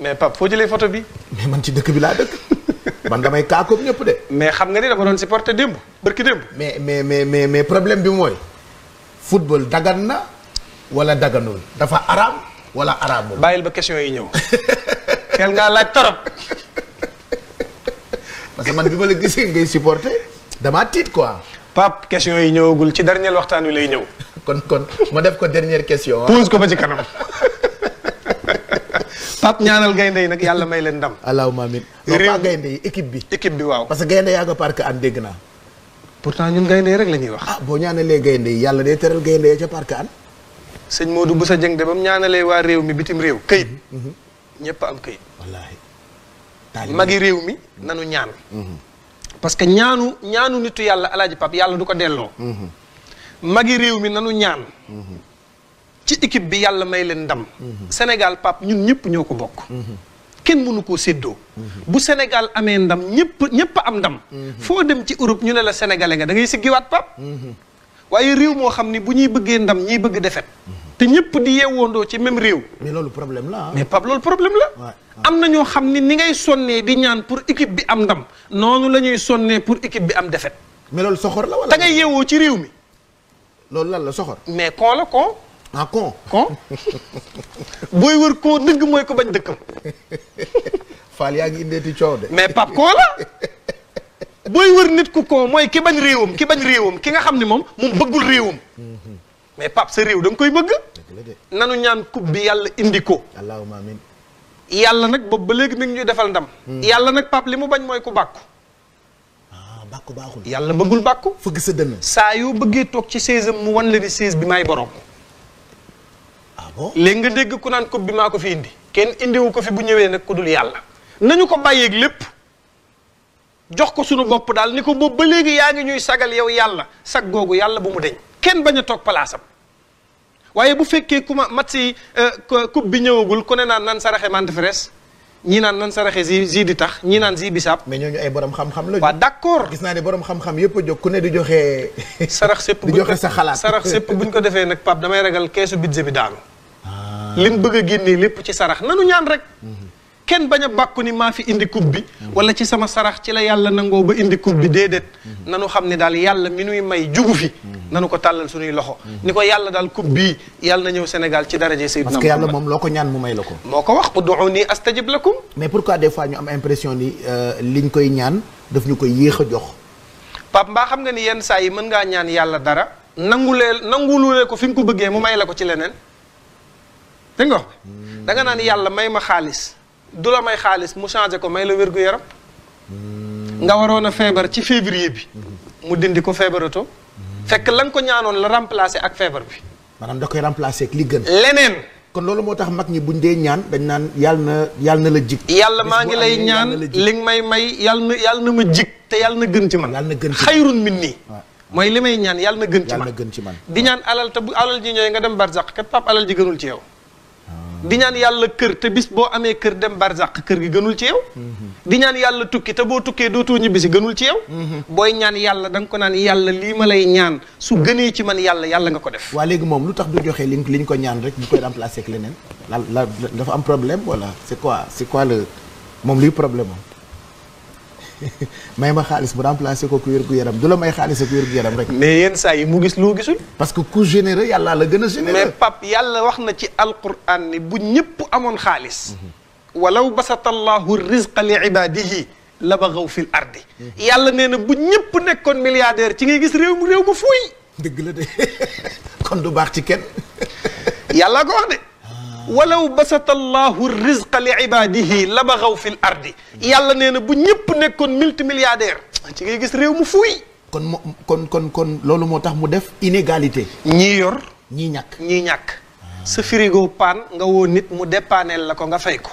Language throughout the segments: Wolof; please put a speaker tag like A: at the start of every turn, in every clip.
A: mais Pape foo jëlee photo bi. mais man ci dëkk bi laa dëkk man damay kaa comme ñëpp de. mais xam nga ni dama doon supporter démb barki démb. mais mais mais mais mais problème bi mooy. football dagan na walla daganul dafa araam wala araamul. bàyyil ba question yi ñëw. xel ngaa laaj torop. parce que man bi ma la gisee ngay supporter damaa tiit question yi ñëwagul ci dernier waxtaan wi lay ñëw. kon kon ma def ko dernière question. puus ko ba ci kanam. Pape ñaanal gaynde yi nag yàlla may leen ndam. allah amiin réew non gaynde yi équipe bi. équipe bi waaw parce que gaynde ya nga parc an dégg na pourtant ñun gaynde rek lañuy wax. ah bo ñaanale gaynde yi yàlla day teral gaynde ya ca parc an. seigne Modou bu sa jeng de bam ñaanale wa rew mi bitim réew. këyit mm-hmm, mm-hmm. ñepp am keuyit wallahi tali magi rew mi nañu ñaan. Mm-hmm. parce que ñaanu ñaanu nitu yalla aladi pap yalla duko ko delloo. magi rew mi nañu ñaan. ci équipe bi yàlla may leen ndam. Sénégal pap ñun ñëpp ñoo ko bokk. kenn mënu koo séddoo. bu Sénégal amee ndam ñëpp ñëpp am ndam. foo dem ci Europe ñu ne la sénégalais nga da ngay siggiwaat pap waaye réew moo xam ni bu ñuy bëggee ndam ñuy bëgg defet te ñëpp di yeewoondoo ci même réew. mais loolu problème la mais pap loolu problème la. am na ñoo xam ni ni ngay sonnee di ñaan pour équipe bi am ndam noonu la ñuy sonnee pour équipe bi am defet mais loolu soxor la wala. da ngay yeewoo ci réew mi. loolu la soxor. ah kon kon booy wër koo dëgg mooy ko bañ dëkkam. Fall yaa ngi mais pap koo la booy wër nit ku kon mooy ki bañ réewam ki bañ réewam ki nga xam ni moom moom bëggul réewam. mais pap sa réew da nga koy bëgg. nanu ñaan kub bi yàlla indi ko. yàlla nag boobu ba léegi mi ñuy defal ndam. Hmm. yàlla nag pap li mu bañ mooy ku bàkku. ah bàkku baaxul. yàlla bëggul bàkku. fëgg sa dënn. saa yoo bëggee toog ci 16 am mu wan la ni 16 bi may borom. léegi nga dégg ku naan coupe bi maa ko fi indi kenn indiwu ko fi bu ñëwee nag ku dul yàlla nañu ko bàyyeeg lépp jox ko sunu bopp daal ni ko boobu ba léegi yaa ngi ñuy sagal yow yàlla sag googu yàlla bu mu deñ kenn bañ a toog palaasam waaye bu fekkee ku ma mat si euh, coupe bi ñëwagul ku ne naan nan saraxe mante fres ñii naan nan saraxe zi zi di tax ñii naan zi bisaab mais ñooñu ay borom xam-xam la. waaw d'accord gis naa ne borom xam-xam yëpp a jóg ku ne di joxe. sarax sépp di joxe sa xalaat sarax sépp buñ ko defee nag Pape damay ragal keesu budget bi daanu. liñ bëgg a génnee lépp ci sarax nanu ñaan rek kenn bañ a bàkku ni maa fi indi coupe bi wala ci sama sarax ci la yàlla nangoo ba indi coupe bi déedéet nanu xam ne daal yàlla mi nuy may jugu fi nanu ko tàllal suñuy loxo ni ko yàlla daal coupe bii yàlla na ñëw Sénégal ci daraje Seydina parce que yàlla moom loo ko ñaan mu may la ko moo ko wax ud'uuni astajib lakum mais pourquoi des fois ñu am impression ni euh, liñ koy ñaan daf ñu koy yéex a jox Pape mbaa xam nga ni yenn saa yi mën ngaa ñaan yàlla dara nangulee nangululee ko fi nga ko bëggee mu may la ko ci leneen dégg nga wax da nga naan yàlla may ma xaalis du la may xaalis mu changé ko may la wér-gu-yaram nga waroon a feebar ci février bi mu dindi ko feebaratoo fekk la nga ko ñaanoon la remplacer ak feebar bi maanaam da koy remplacer ak li gën leneen kon loolu moo tax mag ñi buñ dee ñaan dañ naan yàlla na yàlla na la jig yàlla maa ngi lay ñaan li nga may may yàlla na yàlla na ma jig te yàlla na gën ci man yàlla na gën ci xayrun min nii mooy li may ñaan yàlla na gën ci man di ñaan alal bu alal ji ñooy dem barzaq kat pap alal ji gënul ci yow di ñaan yàlla kër te bis boo amee kër dem barzaq kër gi gënul ci yow. di ñaan yàlla tukki te boo tukkee dootoo ñibbisi gënul ci yow. booy ñaan yàlla da nga ko naan yàlla lii ma lay ñaan su gënee ci man yàlla yàlla nga ko def. waa léegi moom lu tax du joxe li ñu ko ñaan rek ñu am remplacer ak leneen. la la dafa am problème wala c'est quoi c'est quoi le moom luy problème am. may ma xaalis bu remplacé ko ku wér ku yaram du la may xaalis ak wér gu yaram rek. mais yenn saa yi mu gis loo gisul. parce que ku généreux yàlla la gën a généreux. mais pap yàlla wax na ci alquran ni bu ñëpp amoon xaalis. walaw basata allahu rizqa li ibadihi la bagaw fil ardi. yàlla nee na bu ñëpp nekkoon milliardaire ci ngay gis réew mu réew mu fuuy. dëgg la de kon du baax ci kenn. yàlla ko wax de. walaw basata allahu rizqa li ibadihi la baxaw fil ardi yàlla nee na bu ñëpp nekkoon multimilliardaire ci ngay gis réew mu fuuy kon moo kon kon kon loolu moo tax mu def inégalité ñii yor ñii ñàkk ñii ñàkk sa frigo paan nga woo nit mu dépanel la ko nga fay ko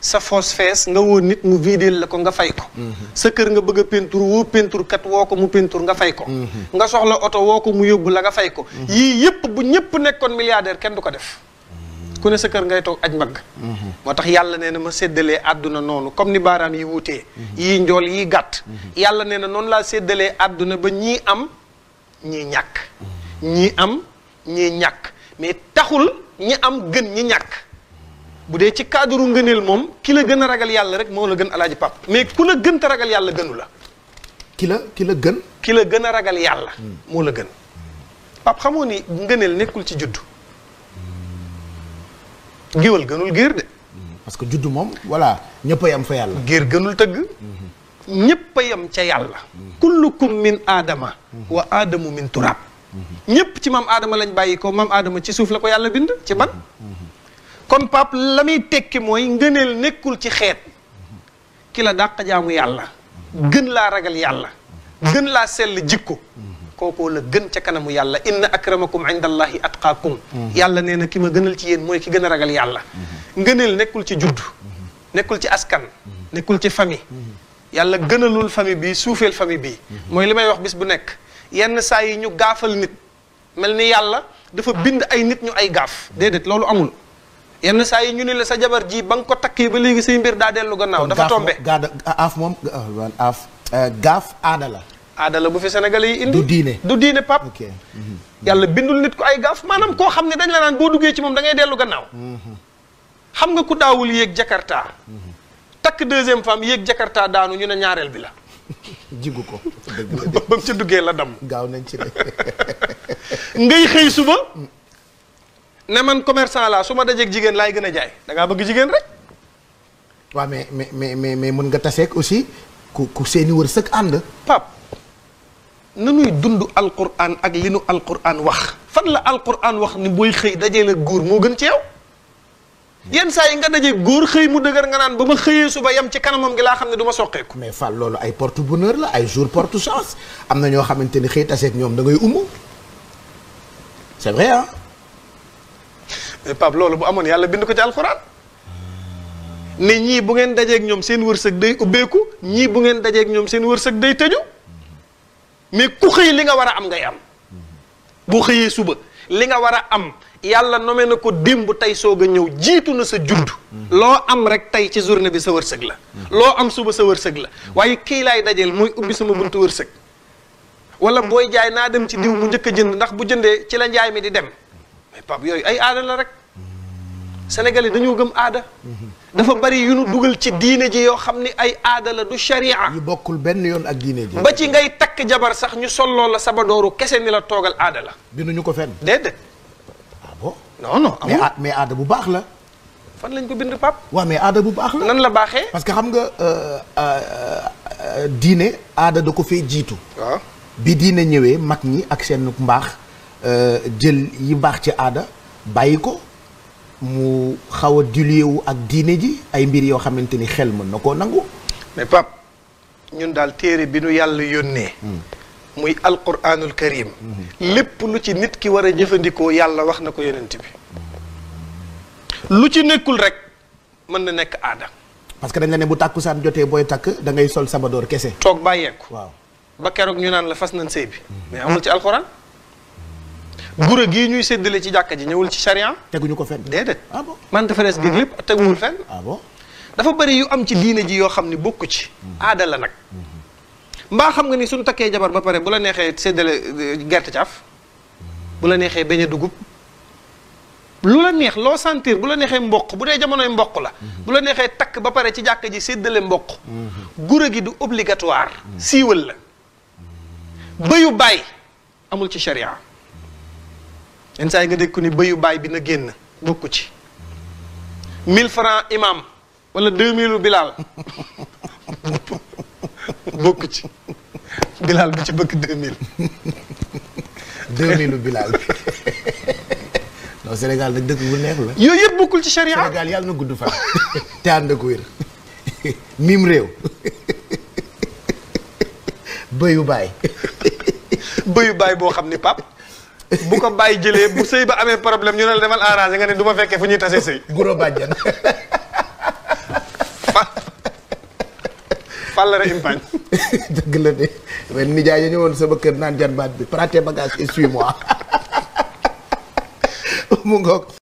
A: sa foos fees nga woon nit mu videel la ko nga fay ko mm-hmm. sa kër nga bëgg a pentur woo pentur kat woo ko mu pentur nga fay ko mm-hmm. nga soxla oto woo ko mu yóbbu la nga fay ko mm-hmm. yii yëpp bu ñëpp nekkoon milliardaire kenn du ko def ku ne sa kër ngay toog aj mbagg mhm. moo tax yàlla nee na ma séddalee àdduna noonu comme ni baaraam yi wutee mhm. yii njool yii gàtt mhm. yàlla nee na noonu laa séddalee àdduna ba ñii am ñii ñàkk ñii am ñii ñàkk mais taxul ñi am gën ñi ñàkk bu dee ci cadre ngëneel moom ki la gën a ragal yàlla rek moo la gën alaaji pap mais ku la gën te ragal yàlla gënu la ki la ki la gën ki gën a ragal yàlla mm. moo la gën pap xamoo ni ngëneel nekkul ci juddu giwal gënul giir de. parce que juddu moom voilà ñëpp a fa yàlla. giir gënul tëgg. ñëpp a yem ca yàlla. kullukum min aadama. wa aadamu min turaab. ñëpp ci maam aadama lañ bàyyi ko maam aadama ci suuf la ko yàlla bind ci man kon pap la muy tekki mooy ngëneel nekkul ci xeet. ki la dàq yàlla. gën laa ragal yàlla. gën laa sell jikko. kookoo la gën ca kanamu yàlla inna akramakum inda allahi atqaakum mhm. yàlla nee na ki ma gënal ci yéen mooy ki gën a ragal yàlla mhm. ngëneel nekkul ci judd mhm. nekkul ci askan nekkul ci famille yàlla gënalul famille bi suufeel famille bi mooy li may wax bis bu nekk yenn saa yi ñu gaafal nit mel ni yàlla dafa bind ay nit ñu ay gaaf déedéet loolu amul yenn saa yi ñu ne la sa jabar jii ba nga ko takkee ba léegi say mbir daa dellu gannaaw dafa tombe gaaf moom ah, eh, gaaf aada la aadala bu fi sénégalais yi indi. du diine du diine pap mm-hmm. yàlla bindul nit ko ay gaaf maanaam koo xam ne dañ la naan boo duggee ci moom da ngay dellu gannaaw. Mm-hmm. xam nga ku daawul yéeg jakarta mm-hmm. takk deuxième femme yéeg jakarta daanu ñu ne ñaareel bi la. jigu ko. ba mu ca duggee la dam gaaw nañ ci de. ngay xëy suba. Mm. ne man commerçant laa su ma dajeeg jigéen laay gën a jaay dangaa bëgg jigéen rek. waa mais mais mais mais mais mën nga taseek aussi ku ku seeni wërsëg ànd. pap na nuy dund alquran ak li nu alquran wax fan la alquran wax ni booy xëy dajee la góor moo gën ci yow yenn saa yi nga daje góor xëy mu dëgër nga naan ba ma xëyee suba yam ci kanamam gi laa xam ne du ma soqeeku. mais Fall loolu ay porte bonheur la ay jour porte chance am na ñoo xamante ni xëy taseeg ñoom da ngay umu c'est loolu bu amoon yàlla bind ko ci alxuraan ne ñii bu ngeen dajeeg ñoom seen wërsëg day ubbeeku ñii bu ngeen dajeek ñoom seen wërsëg day tëju. mais ku xëy li nga war a am ngay am boo xëyee suba li nga war a am yàlla nome na ko démb tey soog a ñëw jiitu na sa judd loo am rek tey ci journée bi sa wërsëg la loo am suba sa wërsëg la waaye kii laay dajeel mooy ubbi sama buntu wërsëg wala booy jaay naa dem ci diw mu njëkk a jënd ndax bu jëndee ci la njaay mi di dem mais yooyu ay aada la rek sénégalais dañoo gëm aada. dafa bari yu nu dugal ci diine ji yoo xam ni ay aada la du sharia. yu bokkul benn yoon ak diine ji. ba ci ngay takk jabar sax ñu solloo la sabadooru kese ni la toogal aada la. binduñu ko fenn. déedéet. ah bon non non. amul mais aada bu baax la. fan lañ ko bind pap waaw mais aada bu baax la. nan la baaxe parce que xam nga euh, euh, euh, diine aada da ko fee jiitu. waaw bi diine ñëwee mag ñi ak seen mbaax jël yi baax ci aada bàyyi ko. mu xaw a dilué wu ak diine ji ay mbir yoo xamante ni xel ma na koo nangu. mais pap ñun daal téere bi nu yàlla yónnee. muy alquranul karim. lépp lu ci nit ki war a jëfandikoo yàlla wax na ko yonent bi lu ci nekkul rek mën na nekk aada. parce que dañ ne bu tàkkusaan jotee booy takk dangay ngay sol sabadoor kese. toog bàyyeeku. waaw ba keroog ñu naan la fas nañ sëy bi. mais amul ci alquran. gura gii ñuy séddale ci jàkka ji ñëwul ci charia teguñu ko fenn déedéet ah bon mante fraise géeg lépp teguwul fenn ah dafa bari yu am ci diine ji yoo xam ne bokk ci mm-hmm. aadala nag mm-hmm. mbaa xam nga ni suñu takkee jabar ba pare bu la neexee seddale euh, gerte caaf mm-hmm. bu la neexee beñe dugub lu la neex loo sentir bu la neexee mboq bu dee jamonoy mboq la bu la neexee takk ba pare ci jàkka ji séddale mboq gura gi du obligatoire siiwal la bëyu bàyyi amul ci charia yenn saa yi nga dégg ku ni bëyu baay bi na génn bokk ci 1000 francs imam wala 2000 bilaal bokku ci bilaal bi ci bëgg 2000. 2000 bilaal bi. non Sénégal nag dëkk bu neex la. yooyu yëpp bokkul ci charia Sénégal yàlla na gudd fan. te ànd ak wér. réew. bëyu baay. bëyu baay boo xam ni pap bu ko bàyyi jëlee bu sëy ba amee problème ñu ne la demal arrangé nga ne du ma fekkee fu ñuy tasee sëy. guro bàjjan. fàllare impañ. dëgg la de man nijaay ya ñëwoon sama kër naan jan baat bi prate bagage et mois